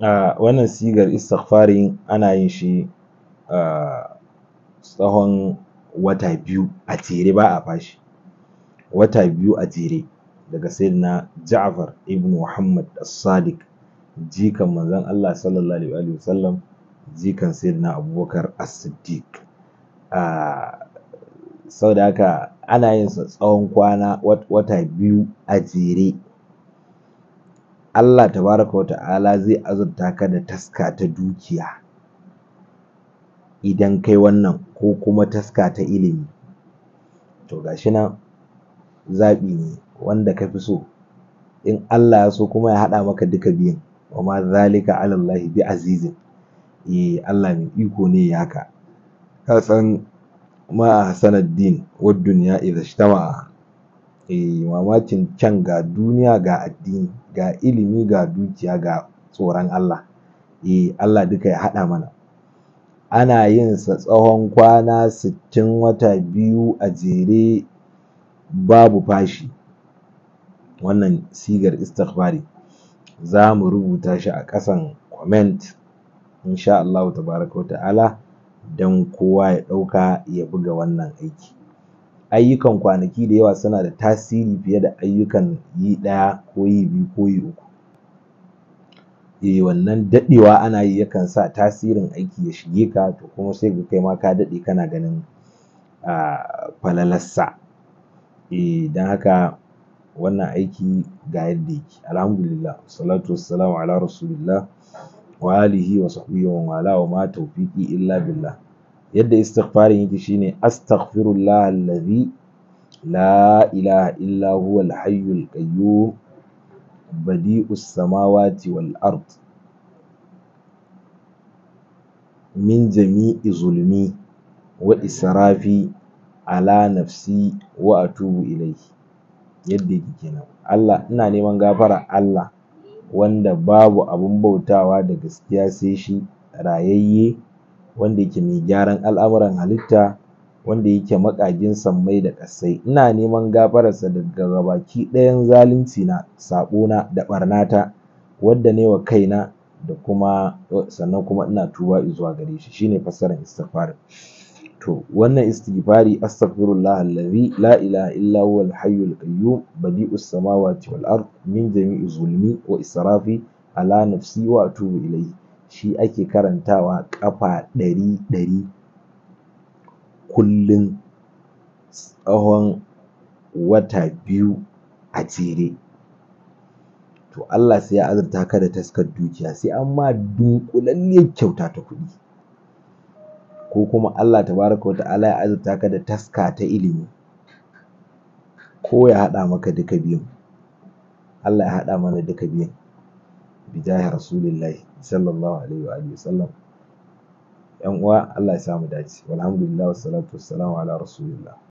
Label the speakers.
Speaker 1: wannan sigar istigfari ana yin shi um tsawon wata biyu a jere ba a fashi wata biyu a jere daga sayyidina Ja'far ibn Muhammad as-Sadiq jikan manzon Allah sallallahu alaihi wa wasallam jikan sayyidina Abubakar as-Siddiq a saboda haka ana yin sa tsawon kwana wata biyu a jere Allah tabaraka wa ta'ala zai azurta ka da taska ta dukiya idan kai wannan ko kuma taska ta ilimi to gashi nan zaɓi ne wanda ka fi so in Allah ya so kuma ya haɗa maka duka biyun wa ma zalika ala Allah bi azizin eh Allah mai iko ne ya haka ka san ma sanaddin wa dunya idha eh mamakin kyan ga duniya ga addini ga ilimi ga dukiya ga tsoron Allah eh Allah duka ya haɗa mana ana yin sa tsawon kwana sittin wata biyu a jere babu fashi wannan sigar istighfari za mu rubuta shi a ƙasan comment insha Allahu tabaraka wa ta'ala don kowa ya ɗauka ya buga wannan aiki ayyukan kwanaki da yawa suna da tasiri fiye da ayyukan yi ɗaya ko yi biyu ko yi uku eh wannan daɗewa ana yi yakan sa tasirin aiki ya shige ka to kuma sai ka ga kai ma ka daɗe kana ganin um falalarsa eh don haka wannan aiki ga yadda yake alhamdulillah salatu wassalamu ala rasulillah wa alihi wa sahbihi wa man wala wa ma tawfiqi illa billah yadda istighfarin yake shine astaghfirullah allazi la ilaha illa huwa alhayyul qayyum badi'us samawati wal ard min jami'i zulmi wa israfi ala nafsi wa atubu ilayhi yadda yake kenan Allah ina neman gafarar Allah wanda babu abun bautawa da gaskiya sai shi rayayye wanda yake mai gyaran al'amuran halitta wanda yake maƙagin sammai da ƙasai ina neman gafararsa daga gabaki ɗayan zalunci na na da ɓarnata wadda ne wa kaina da kuma sannan kuma ina tuba zuwa gare shi shine fassarar istighfar to wannan istighfari astaghfirullah allazi la ilaha illa huwa alhayyul qayyum badi'us samawati wal ard min jami'i zulmi wa israfi ala nafsi wa atubu ilayhi shi ake karantawa ƙafa ɗari ɗari kullum tsawon wata biyu a jere to Allah sai ya azurta ka da taskar dukiya sai an ma dunƙulalliyar kyauta ta kuɗi ko kuma Allah tabaraka wa ta'ala ya azurta ka da taska ta ilimi ko ya haɗa maka duka biyun Allah ya haɗa mana duka biyun bijahi rasulillahi sallallahu alaihi wa alihi wasallam uwa Allah ya sa mu dace walhamdulillah wassalatu wassalamu ala rasulillah